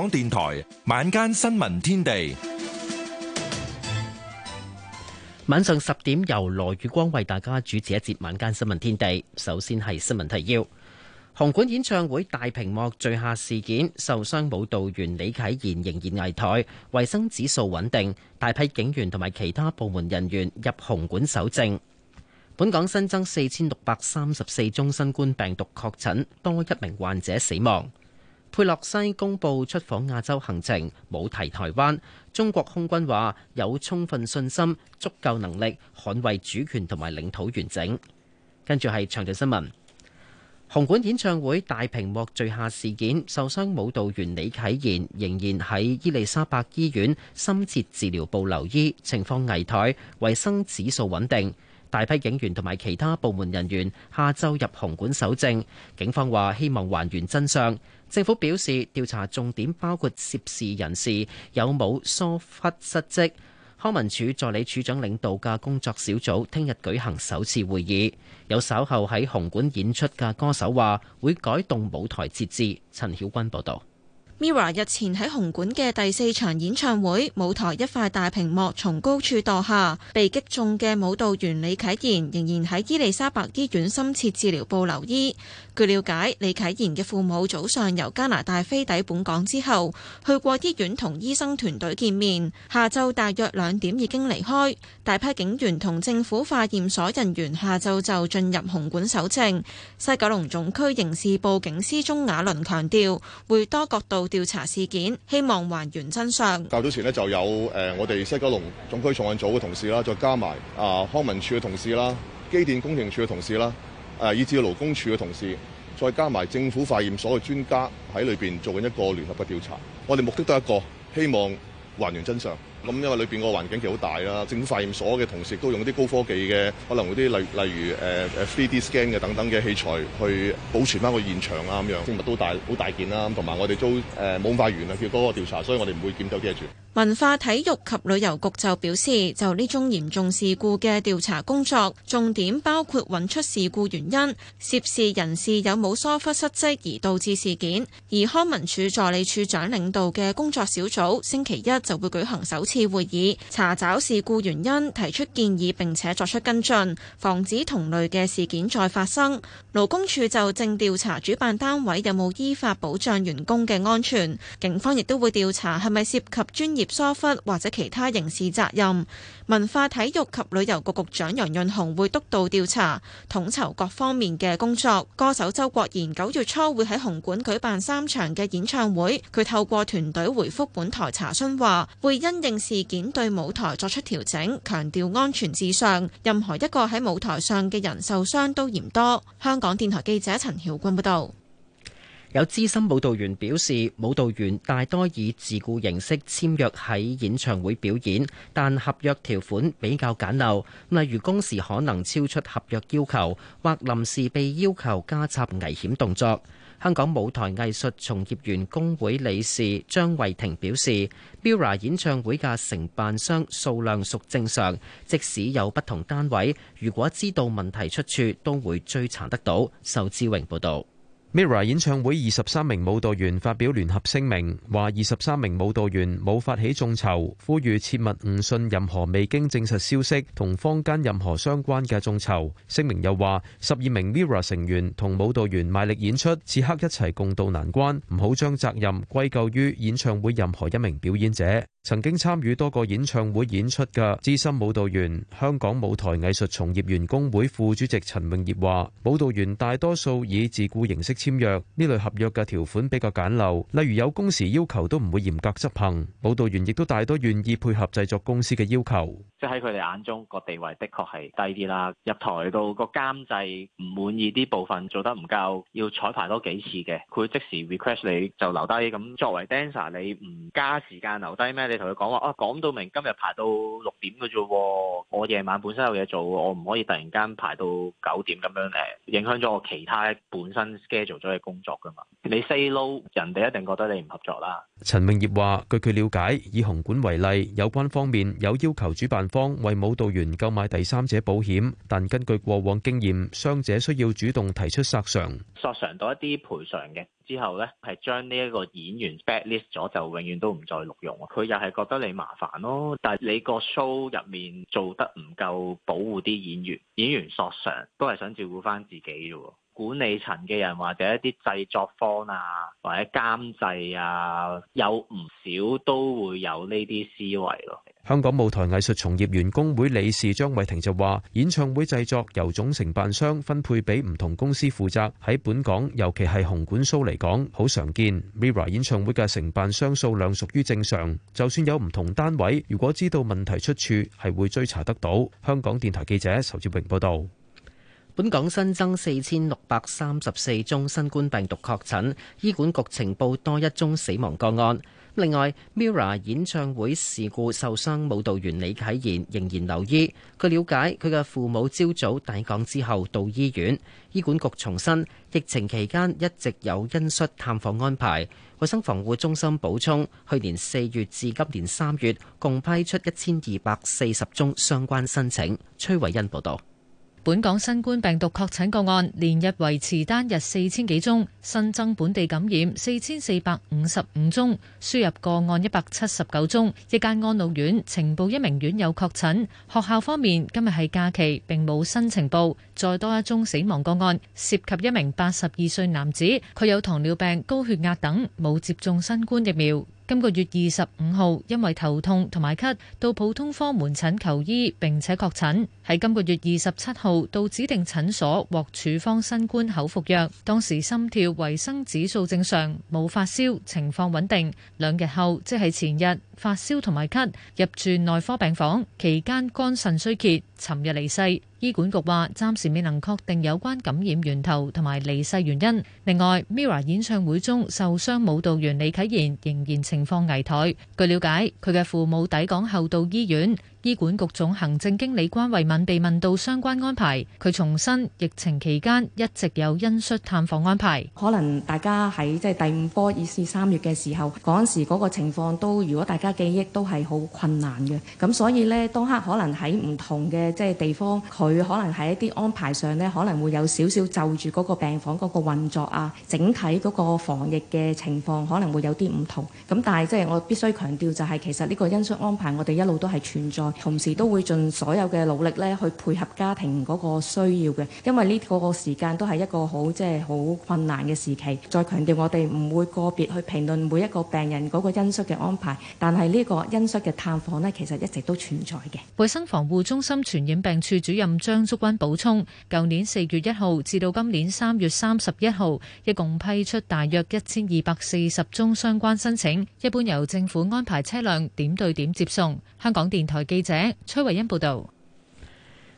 港電台晚間新聞天地，晚上十點由羅宇光為大家主持一節晚間新聞天地。首先係新聞提要：紅館演唱會大屏幕墜下事件，受傷舞蹈員李啟言仍然危殆；維生指數穩定，大批警員同埋其他部門人員入紅館搜證。本港新增四千六百三十四宗新冠病毒確診，多一名患者死亡。佩洛西公布出訪亞洲行程，冇提台灣。中國空軍話有充分信心、足夠能力捍衛主權同埋領土完整。跟住係長條新聞：紅館演唱會大屏幕墜下事件，受傷舞蹈員李啟言仍然喺伊麗莎白醫院深切治療部留醫，情況危殆，維生指數穩定。大批警員同埋其他部門人員下周入紅館搜證，警方話希望還原真相。政府表示，調查重點包括涉事人士有冇疏忽失職。康文署助理署長領導嘅工作小組聽日舉行首次會議，有稍後喺紅館演出嘅歌手話會改動舞台設置。陳曉君報道。Mira 日前喺紅館嘅第四場演唱會，舞台一塊大屏幕從高處墮下，被擊中嘅舞蹈員李啟賢仍然喺伊利沙伯醫院深切治療部留醫。據了解，李啟賢嘅父母早上由加拿大飛抵本港之後，去過醫院同醫生團隊見面，下晝大約兩點已經離開。大批警員同政府化驗所人員下晝就進入紅館搜證。西九龍總區刑事部警司鍾雅倫強調，會多角度調查事件，希望還原真相。較早前咧就有誒，我哋西九龍總區重案組嘅同事啦，再加埋啊康文署嘅同事啦、機電工程署嘅同事啦，誒，以至勞工處嘅同事，再加埋政府化驗所嘅專家喺裏邊做緊一個聯合嘅調查。我哋目的都係一個，希望還原真相。咁因為裏邊個環境其實好大啦，政府化驗所嘅同事都用啲高科技嘅，可能嗰啲例例如誒誒、呃、3D scan 嘅等等嘅器材去保存翻個現場啊咁樣，證物都大好大件啦，同埋我哋都誒冇咁快完啊，叫嗰個調查，所以我哋唔會檢走啲嘢住。文化體育及旅游局就表示，就呢宗嚴重事故嘅調查工作，重點包括揾出事故原因，涉事人士有冇疏忽失職而導致事件。而康文署助理署長領導嘅工作小組星期一就會舉行首次會議查找事故原因，提出建議，並且作出跟進防止同類嘅事件再發生。勞工處就正調查主辦單位有冇依法保障員工嘅安全，警方亦都會調查係咪涉及專業。業疏忽或者其他刑事責任。文化體育及旅遊局局長楊潤雄會督導調查，統籌各方面嘅工作。歌手周國賢九月初會喺紅館舉辦三場嘅演唱會，佢透過團隊回覆本台查詢話，會因應事件對舞台作出調整，強調安全至上。任何一個喺舞台上嘅人受傷都嫌多。香港電台記者陳曉君報道。有資深舞蹈員表示，舞蹈員大多以自僱形式簽約喺演唱會表演，但合約條款比較簡陋，例如工時可能超出合約要求，或臨時被要求加插危險動作。香港舞台藝術從業員工會理事張慧婷表示，MIRROR 演唱會嘅承辦商數量屬正常，即使有不同單位，如果知道問題出處都會追查得到。仇志榮報道。MIRROR 演唱會二十三名舞蹈員發表聯合聲明，話二十三名舞蹈員冇發起眾籌，呼籲切勿誤信任何未經證實消息同坊間任何相關嘅眾籌。聲明又話，十二名 MIRROR 成員同舞蹈員賣力演出，此刻一齊共度難關，唔好將責任歸咎於演唱會任何一名表演者。曾經參與多個演唱會演出嘅資深舞蹈員、香港舞台藝術從業員工會副主席陳詠業話：舞蹈員大多數以自僱形式簽約呢類合約嘅條款比較簡陋，例如有工時要求都唔會嚴格執行。舞蹈員亦都大多願意配合製作公司嘅要求。即喺佢哋眼中個地位，的確係低啲啦。入台到個監製唔滿意啲部分做得唔夠，要彩排多幾次嘅，佢即時 request 你就留低。咁作為 dancer，你唔加時間留低咩？你同佢講話啊，講到明今日排到六點嘅啫，我夜晚本身有嘢做，我唔可以突然間排到九點咁樣誒，影響咗我其他本身嘅做咗嘅工作㗎嘛？你 say no，人哋一定覺得你唔合作啦。陳明業話，據佢了解，以紅館為例，有關方面有要求主辦方為舞蹈員購買第三者保險，但根據過往經驗，傷者需要主動提出索償，索償到一啲賠償嘅之後咧，係將呢一個演員 bad list 咗，就永遠都唔再錄用。佢又係覺得你麻煩咯，但係你個 show 入面做得唔夠保護啲演員，演員索償都係想照顧翻自己啫。管理層嘅人或者一啲製作方啊，或者監製啊，有唔少都會有呢啲思維咯。香港舞台藝術從業員工會理事張慧婷就話：演唱會製作由總承辦商分配俾唔同公司負責，喺本港尤其係紅館 show 嚟講好常見。Mirror 演唱會嘅承辦商數量屬於正常，就算有唔同單位，如果知道問題出處係會追查得到。香港電台記者仇志榮報導。本港新增四千六百三十四宗新冠病毒確診，醫管局呈報多一宗死亡個案。另外，MIRROR 演唱會事故受傷舞蹈員李啟言仍然留醫。據了解，佢嘅父母朝早抵港之後到醫院。醫管局重申，疫情期間一直有因恤探訪安排。衛生防護中心補充，去年四月至今年三月共批出一千二百四十宗相關申請。崔偉恩報道。本港新冠病毒確診個案連日維持單日四千幾宗，新增本地感染四千四百五十五宗，輸入個案一百七十九宗。一間安老院情報一名院友確診，學校方面今日係假期，並冇新情報。再多一宗死亡個案，涉及一名八十二歲男子，佢有糖尿病、高血壓等，冇接種新冠疫苗。今個月二十五號，因為頭痛同埋咳，到普通科門診求醫，並且確診。喺今個月二十七號，到指定診所獲處方新冠口服藥，當時心跳、維生指數正常，冇發燒，情況穩定。兩日後，即係前日，發燒同埋咳，入住內科病房，期間肝腎衰竭，尋日離世。.醫管局話暫時未能確定有關感染源頭同埋離世原因。另外，Mira 演唱會中受傷舞蹈員李啟賢仍然情況危殆。據了解，佢嘅父母抵港後到醫院。醫管局總行政經理關慧敏被問到相關安排，佢重申：疫情期間一直有恩恤探訪安排。可能大家喺即係第五波，二至三月嘅時候，嗰陣時嗰個情況都，如果大家記憶都係好困難嘅。咁所以呢，當刻可能喺唔同嘅即係地方，佢可能喺一啲安排上呢，可能會有少少就住嗰個病房嗰個運作啊，整體嗰個防疫嘅情況可能會有啲唔同。咁但係即係我必須強調，就係其實呢個恩恤安排，我哋一路都係存在。同時都會盡所有嘅努力咧，去配合家庭嗰個需要嘅，因為呢個時間都係一個好即係好困難嘅時期。再強調我哋唔會個別去評論每一個病人嗰個恩恤嘅安排，但係呢個恩恤嘅探訪咧，其實一直都存在嘅。衛生防護中心傳染病處主任張竹君補充，舊年四月一號至到今年三月三十一號一共批出大約一千二百四十宗相關申請，一般由政府安排車輛點對點接送。香港電台記。記者崔慧欣報道，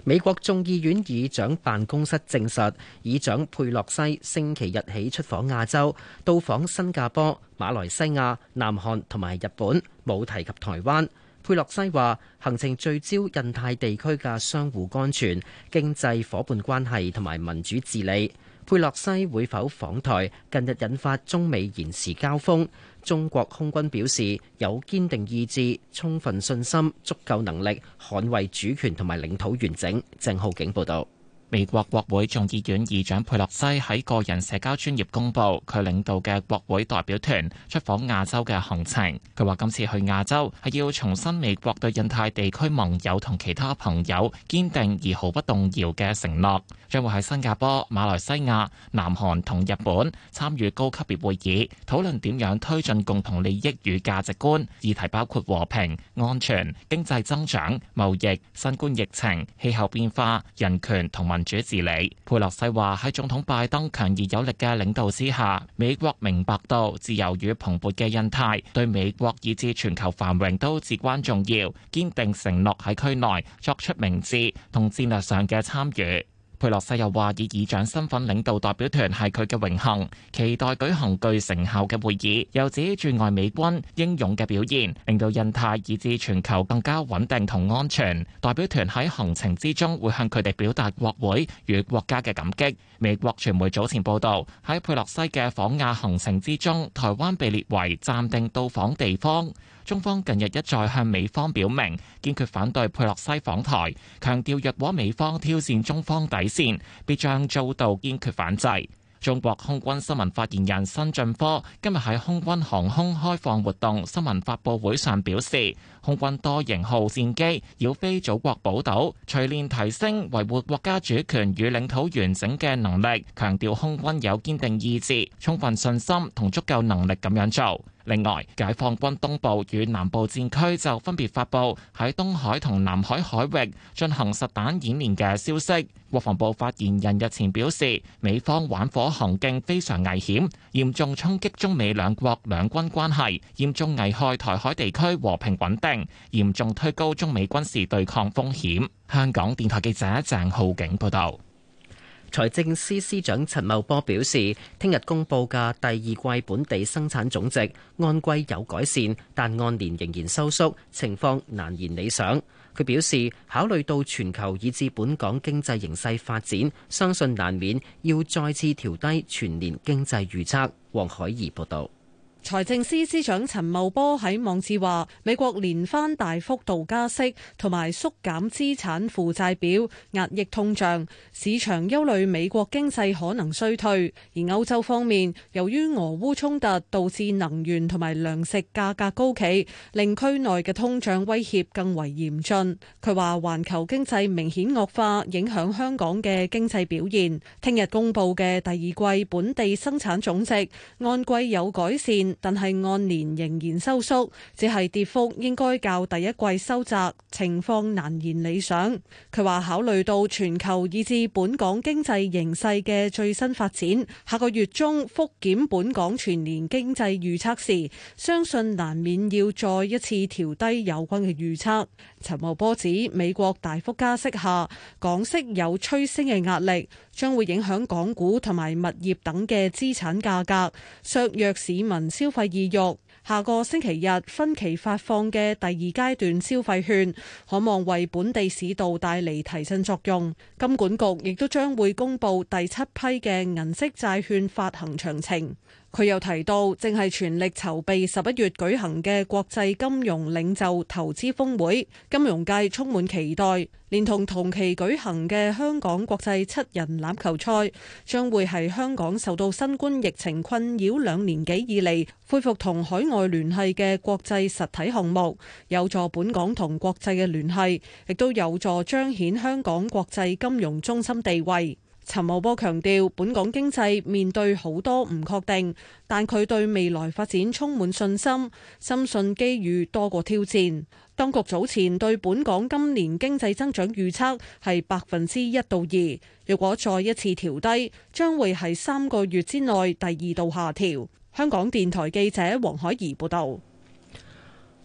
美國眾議院議長辦公室證實，議長佩洛西星期日起出訪亞洲，到訪新加坡、馬來西亞、南韓同埋日本，冇提及台灣。佩洛西話行程聚焦印太地區嘅相互安全、經濟伙伴關係同埋民主治理。佩洛西會否訪台？近日引發中美言辭交鋒。中國空軍表示有堅定意志、充分信心、足夠能力捍衛主權同埋領土完整。鄭浩景報道。美國國會眾議院議長佩洛西喺個人社交專頁公布佢領導嘅國會代表團出訪亞洲嘅行程。佢話今次去亞洲係要重申美國對印太地區盟友同其他朋友堅定而毫不動搖嘅承諾。將會喺新加坡、馬來西亞、南韓同日本參與高級別會議，討論點樣推進共同利益與價值觀議題，包括和平、安全、經濟增長、貿易、新冠疫情、氣候變化、人權同埋……民主治理。佩洛西話喺總統拜登強而有力嘅領導之下，美國明白到自由與蓬勃嘅印太對美國以至全球繁榮都至關重要，堅定承諾喺區內作出明智同戰略上嘅參與。佩洛西又話以議長身份領導代表團係佢嘅榮幸，期待舉行具成效嘅會議，又指駐外美軍英勇嘅表現令到印太以至全球更加穩定同安全。代表團喺行程之中會向佢哋表達國會與國家嘅感激。美國傳媒早前報道，喺佩洛西嘅訪亞行程之中，台灣被列為暫定到訪地方。中方近日一再向美方表明堅決反對佩洛西訪台，強調若果美方挑戰中方底線，必將遭到堅決反制。中國空軍新聞發言人申進科今日喺空軍航空開放活動新聞發布會上表示，空軍多型號戰機繞飛祖國寶島，錘煉提升維護國家主權與領土完整嘅能力，強調空軍有堅定意志、充分信心同足夠能力咁樣做。另外，解放軍東部與南部戰區就分別發布喺東海同南海海域進行實彈演練嘅消息。國防部發言人日前表示，美方玩火行徑非常危險，嚴重衝擊中美兩國兩軍關係，嚴重財政司司長陳茂波表示，聽日公布嘅第二季本地生產總值按季有改善，但按年仍然收縮，情況難言理想。佢表示，考慮到全球以至本港經濟形勢發展，相信難免要再次調低全年經濟預測。黃海怡報道。財政司司長陳茂波喺網誌話：美國連番大幅度加息同埋縮減資產負債表，壓抑通脹。市場憂慮美國經濟可能衰退。而歐洲方面，由於俄烏衝突導致能源同埋糧食價格高企，令區內嘅通脹威脅更為嚴峻。佢話環球經濟明顯惡化，影響香港嘅經濟表現。聽日公布嘅第二季本地生產總值，按季有改善。但係按年仍然收縮，只係跌幅應該較第一季收窄，情況難言理想。佢話考慮到全球以至本港經濟形勢嘅最新發展，下個月中復檢本港全年經濟預測時，相信難免要再一次調低有關嘅預測。陳茂波指，美國大幅加息下，港息有趨升嘅壓力。將會影響港股同埋物業等嘅資產價格，削弱市民消費意慾。下個星期日分期發放嘅第二階段消費券，可望為本地市道帶嚟提振作用。金管局亦都將會公布第七批嘅銀色債券發行詳情。佢又提到，正係全力籌備十一月舉行嘅國際金融領袖投資峰會，金融界充滿期待。連同同期舉行嘅香港國際七人欖球賽，將會喺香港受到新冠疫情困擾兩年幾以嚟，恢復同海外聯繫嘅國際實體項目，有助本港同國際嘅聯繫，亦都有助彰顯香港國際金融中心地位。陳茂波強調，本港經濟面對好多唔確定，但佢對未來發展充滿信心，深信機遇多過挑戰。當局早前對本港今年經濟增長預測係百分之一到二，若果再一次調低，將會係三個月之內第二度下調。香港電台記者黃海怡報道。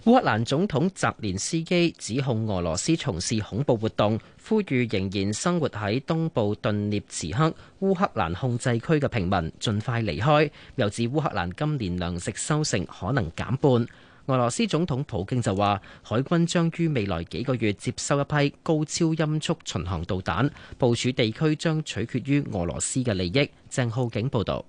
烏克蘭總統澤連斯基指控俄羅斯從事恐怖活動，呼籲仍然生活喺東部頓涅茨克烏克蘭控制區嘅平民盡快離開。又指烏克蘭今年糧食收成可能減半。俄羅斯總統普京就話，海軍將於未來幾個月接收一批高超音速巡航導彈，部署地區將取決於俄羅斯嘅利益。鄭浩景報道。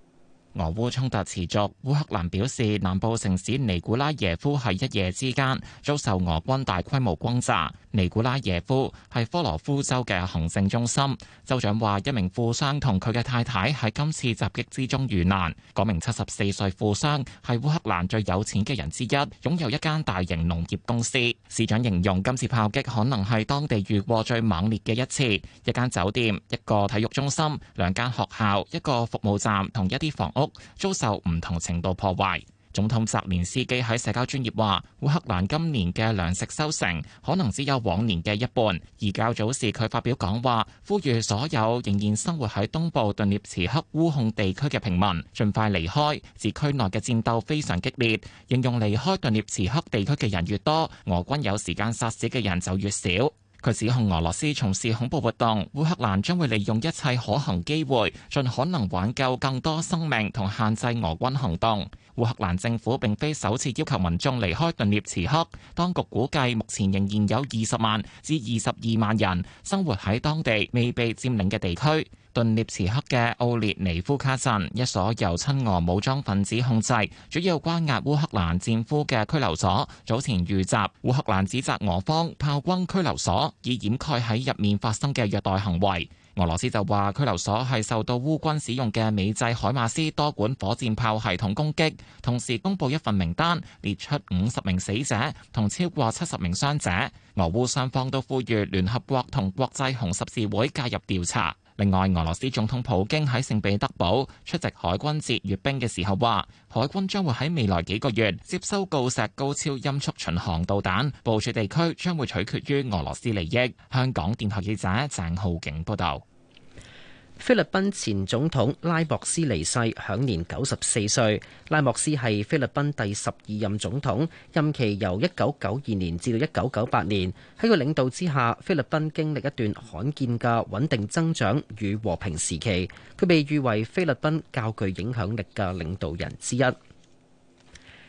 俄烏衝突持續，烏克蘭表示南部城市尼古拉耶夫喺一夜之間遭受俄軍大規模轟炸。尼古拉耶夫係科羅夫州嘅行政中心，州長話一名富商同佢嘅太太喺今次襲擊之中遇難。嗰名七十四歲富商係烏克蘭最有錢嘅人之一，擁有一間大型農業公司。市長形容今次炮擊可能係當地遇過最猛烈嘅一次。一間酒店、一個體育中心、兩間學校、一個服務站同一啲房屋，遭受唔同程度破壞。總統澤連斯基喺社交專業話，烏克蘭今年嘅糧食收成可能只有往年嘅一半。而較早時佢發表講話，呼籲所有仍然生活喺東部頓涅茨克烏控地區嘅平民盡快離開，自區內嘅戰鬥非常激烈。形容離開頓涅茨克地區嘅人越多，俄軍有時間殺死嘅人就越少。佢指控俄羅斯從事恐怖活動，烏克蘭將會利用一切可行機會，盡可能挽救更多生命同限制俄軍行動。烏克蘭政府並非首次要求民眾離開頓涅茨克。當局估計目前仍然有二十萬至二十二萬人生活喺當地未被佔領嘅地區。頓涅茨克嘅奧列尼夫卡鎮一所由親俄武裝分子控制、主要關押烏克蘭戰俘嘅拘留所早前遇襲。烏克蘭指責俄方炮轟拘留所，以掩蓋喺入面發生嘅虐待行為。俄羅斯就話，拘留所係受到烏軍使用嘅美製海馬斯多管火箭炮系統攻擊，同時公布一份名單，列出五十名死者同超過七十名傷者。俄烏雙方都呼籲聯合國同國際紅十字會介入調查。另外，俄羅斯總統普京喺聖彼得堡出席海軍節閱兵嘅時候話，海軍將會喺未來幾個月接收鋯石高超音速巡航導彈，部署地區將會取決於俄羅斯利益。香港電台記者鄭浩景報道。菲律賓前總統拉莫斯離世，享年九十四歲。拉莫斯係菲律賓第十二任總統，任期由一九九二年至到一九九八年。喺佢領導之下，菲律賓經歷一段罕見嘅穩定增長與和平時期。佢被譽為菲律賓較具影響力嘅領導人之一。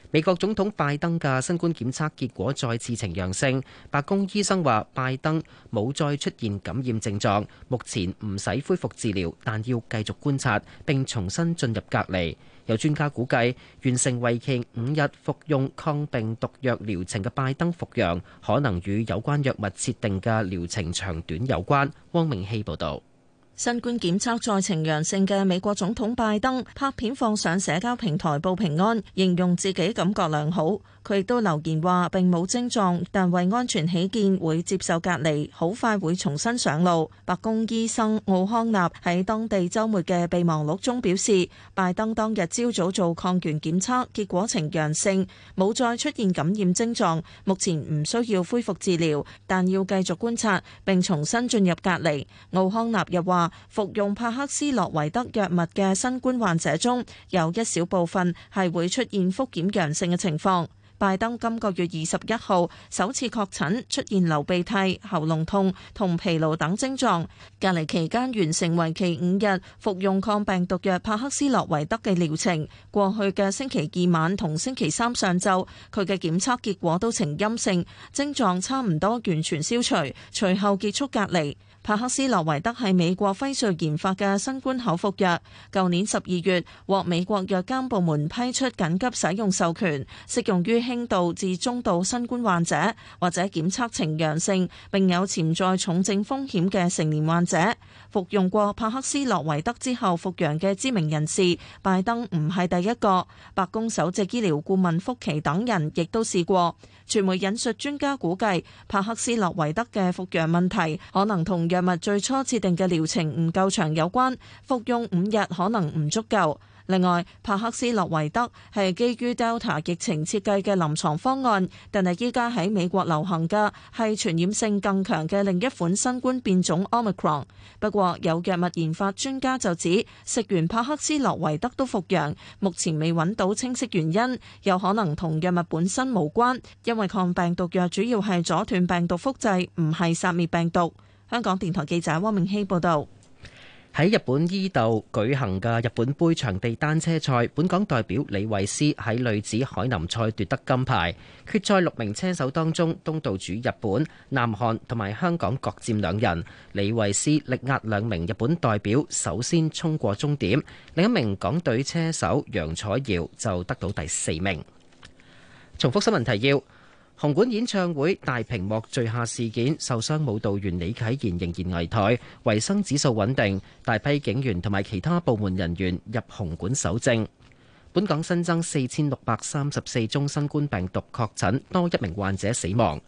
美國總統拜登嘅新冠檢測結果再次呈陽性。白宮醫生話，拜登冇再出現感染症狀，目前唔使恢復治療，但要繼續觀察，並重新進入隔離。有專家估計，完成為期五日服用抗病毒藥療程嘅拜登復陽，可能與有關藥物設定嘅療程長短有關。汪明希報道。新冠檢測再呈陽性嘅美國總統拜登拍片放上社交平台報平安，形容自己感覺良好。佢亦都留言話並冇症狀，但為安全起見會接受隔離，好快會重新上路。白宮醫生奧康納喺當地周末嘅備忘錄中表示，拜登當日朝早做抗原檢測結果呈陽性，冇再出現感染症狀，目前唔需要恢復治療，但要繼續觀察並重新進入隔離。奧康納又話。服用帕克斯洛維德藥物嘅新冠患者中，有一小部分係會出現復檢陽性嘅情況。拜登今個月二十一號首次確診，出現流鼻涕、喉嚨痛同疲勞等症狀。隔離期間完成為期五日，服用抗病毒藥帕克斯洛維德嘅療程。過去嘅星期二晚同星期三上晝，佢嘅檢測結果都呈陰性，症狀差唔多完全消除，隨後結束隔離。帕克斯洛維德係美國輝瑞研發嘅新冠口服藥，舊年十二月獲美國藥監部門批出緊急使用授權，適用於輕度至中度新冠患者，或者檢測呈陽性並有潛在重症風險嘅成年患者。服用過帕克斯洛維德之後復陽嘅知名人士拜登唔係第一個，白宮首席醫療顧問福奇等人亦都試過。傳媒引述專家估計，帕克斯諾維德嘅復陽問題可能同藥物最初設定嘅療程唔夠長有關，服用五日可能唔足夠。另外，帕克斯洛維德係基於 Delta 疫情設計嘅臨床方案，但係依家喺美國流行嘅係傳染性更強嘅另一款新冠變種 Omicron。不過，有藥物研發專家就指，食完帕克斯洛維德都復陽，目前未揾到清晰原因，有可能同藥物本身無關，因為抗病毒藥主要係阻斷病毒複製，唔係殺滅病毒。香港電台記者汪明希報導。喺日本伊豆舉行嘅日本杯場地單車賽，本港代表李慧詩喺女子海南賽奪得金牌。決賽六名車手當中，東道主日本、南韓同埋香港各佔兩人。李慧詩力壓兩名日本代表，首先衝過終點。另一名港隊車手楊彩瑤就得到第四名。重複新聞提要。紅館演唱會大屏幕墜下事件受傷舞蹈員李啟言仍然危殆，維生指數穩定。大批警員同埋其他部門人員入紅館搜證。本港新增四千六百三十四宗新冠病毒確診，多一名患者死亡。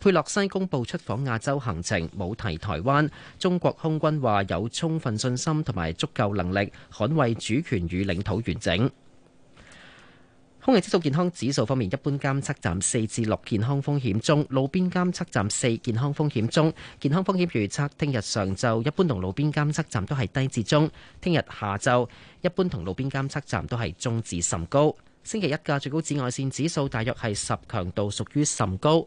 佩洛西公布出訪亞洲行程，冇提台灣。中國空軍話有充分信心同埋足夠能力捍衛主權與領土完整。空氣質素健康指數方面，一般監測站四至六健康風險中，路邊監測站四健康風險中，健康風險預測聽日上晝一般同路邊監測站都係低至中，聽日下晝一般同路邊監測站都係中至甚高。星期一嘅最高紫外線指數大約係十強度，屬於甚高。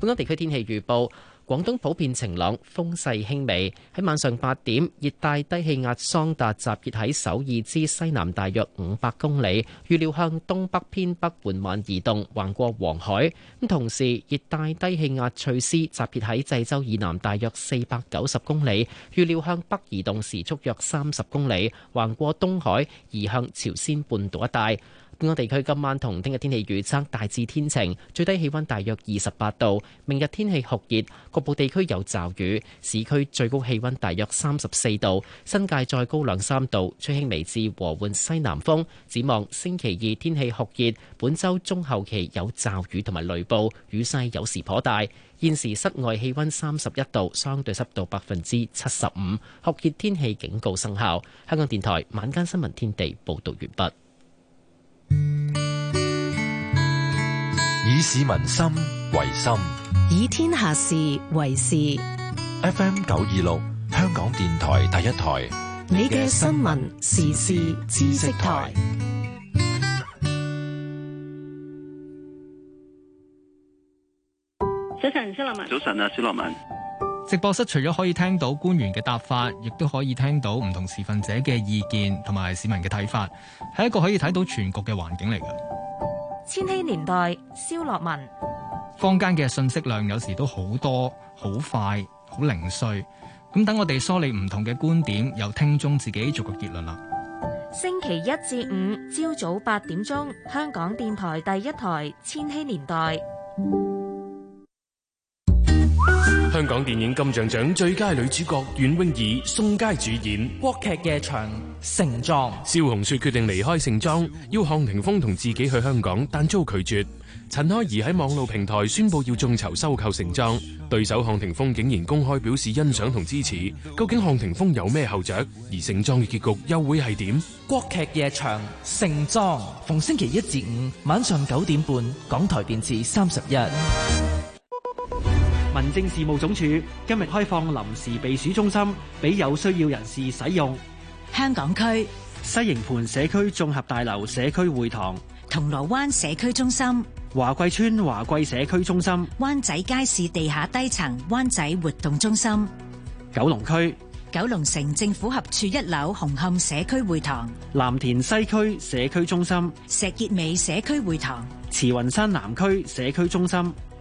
本港地區天氣預報。廣東普遍晴朗，風勢輕微。喺晚上八點，熱帶低氣壓桑達集結喺首爾之西南大約五百公里，預料向東北偏北緩慢移動，橫過黃海。咁同時，熱帶低氣壓翠絲集結喺濟州以南大約四百九十公里，預料向北移動時速約三十公里，橫過東海，移向朝鮮半島一帶。本港地區今晚同聽日天氣預測大致天晴，最低氣温大約二十八度。明日天氣酷熱，局部地區有驟雨，市區最高氣温大約三十四度，新界再高兩三度，吹輕微至和緩西南風。展望星期二天氣酷熱，本週中後期有驟雨同埋雷暴，雨勢有時頗大。現時室外氣温三十一度，相對濕度百分之七十五，酷熱天氣警告生效。香港電台晚間新聞天地報道完畢。以市民心為心，以天下事為事。FM 九二六，香港電台第一台，你嘅新聞時事知識台。早晨，小羅文。早晨啊，羅文。直播室除咗可以聽到官員嘅答法，亦都可以聽到唔同持份者嘅意見同埋市民嘅睇法，係一個可以睇到全局嘅環境嚟噶。千禧年代，蕭樂文。坊間嘅信息量有時都好多、好快、好零碎，咁等我哋梳理唔同嘅觀點，由聽眾自己做個結論啦。星期一至五朝早八點鐘，香港電台第一台《千禧年代》。香港電影金像獎最佳女主角袁詠儀、宋佳主演。國劇夜場《盛裝》，蕭紅雪決定離開盛裝，要向霆鋒同自己去香港，但遭拒絕。陳開怡喺網絡平台宣布要眾籌收購盛裝，對手向霆鋒竟然公開表示欣賞同支持。究竟向霆鋒有咩後著？而盛裝嘅結局又會係點？國劇夜場《盛裝》，逢星期一至五晚上九點半，港台電視三十一。民政事務總署今日開放臨時避暑中心俾有需要人士使用，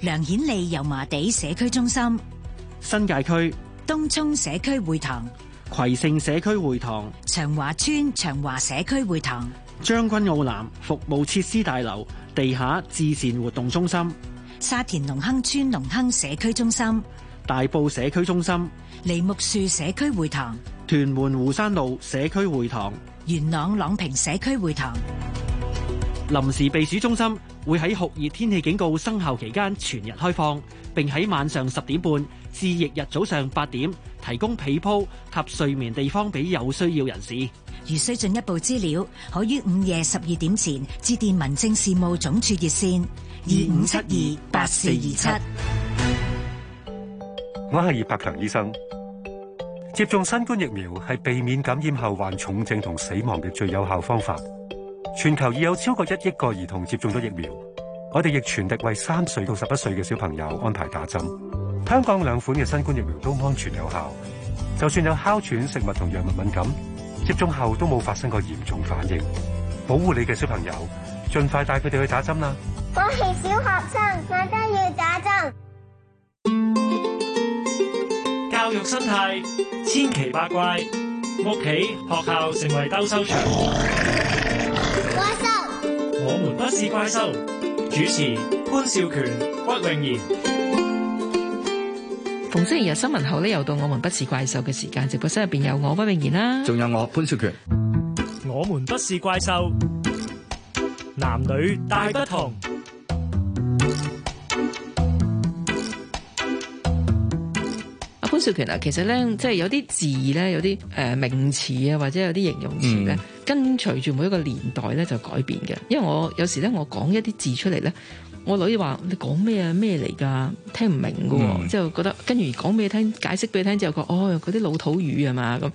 梁顯利油麻地社區中心，新界區東涌社區會堂，葵盛社區會堂，長華村長華社區會堂，將軍澳南服務設施大樓地下至善活動中心，沙田隆亨村隆亨社區中心，大埔社區中心，梨木樹社區會堂，屯門湖山路社區會堂，元朗朗平社區會堂，臨時避暑中心。會喺酷熱天氣警告生效期間全日開放，並喺晚上十點半至翌日早上八點提供被鋪及睡眠地方俾有需要人士。如需進一步資料，可於午夜十二點前致電民政事務總署熱線二五七二八四二七。我係葉柏強醫生。接種新冠疫苗係避免感染後患重症同死亡嘅最有效方法。全球已有超過一億個兒童接種咗疫苗，我哋亦全力為三歲到十一歲嘅小朋友安排打針。香港兩款嘅新冠疫苗都安全有效，就算有哮喘、食物同藥物敏感，接種後都冇發生過嚴重反應。保護你嘅小朋友，盡快帶佢哋去打針啦！我係小學生，我都要打針。教育生態千奇百怪，屋企、學校成為鬥獸場。怪獸，我們不是怪獸。主持潘少權、屈穎妍。逢星期日新聞後呢，又到我們不是怪獸嘅時間。直播室入邊有我屈穎妍啦，仲有我潘少權。我們不是怪獸，男女大不同。阿潘少權嗱，其實咧，即係有啲字咧，有啲誒名詞啊，或者有啲形容詞咧。嗯跟隨住每一個年代咧就改變嘅，因為我有時咧我講一啲字出嚟咧，我女話你講咩啊咩嚟㗎？聽唔明嘅喎，嗯、之後覺得跟住講俾你聽，解釋俾你聽之後，覺得哦嗰啲老土語係嘛咁，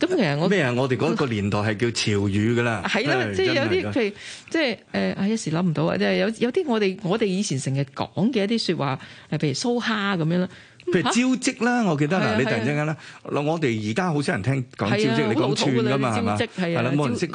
咁其實我咩啊？我哋嗰個年代係叫潮語㗎啦，係咯，即係有啲譬如即係誒啊，有時諗唔到啊，即係有有啲我哋我哋以前成日講嘅一啲説話，譬如蘇蝦咁樣啦。譬如招職啦，我記得嗱，你突然之間啦，我我哋而家好少人聽講招職，你講串噶嘛，係嘛？招職係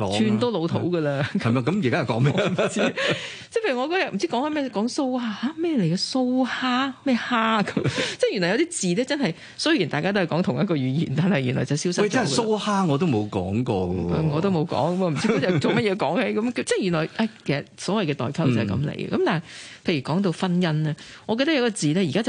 啊，串都老土噶啦。係咪咁？而家係講咩？即係譬如我嗰日唔知講開咩，講蘇蝦咩嚟嘅？蘇蝦咩蝦咁？即係原來有啲字咧，真係雖然大家都係講同一個語言，但係原來就消失。喂，真係蘇蝦我都冇講過喎。我都冇講，我唔知佢做乜嘢講起咁。即係原來誒，其實所謂嘅代溝就係咁嚟嘅。咁但係譬如講到婚姻咧，我記得有個字咧，而家。